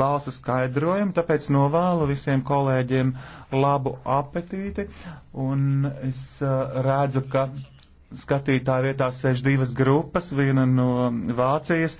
balsu skaidrojumu, tāpēc novēlu visiem kolēģiem labu apetīti, un es uh, redzu, ka skatītāju vietā sēž divas grupas, viena no Vācijas,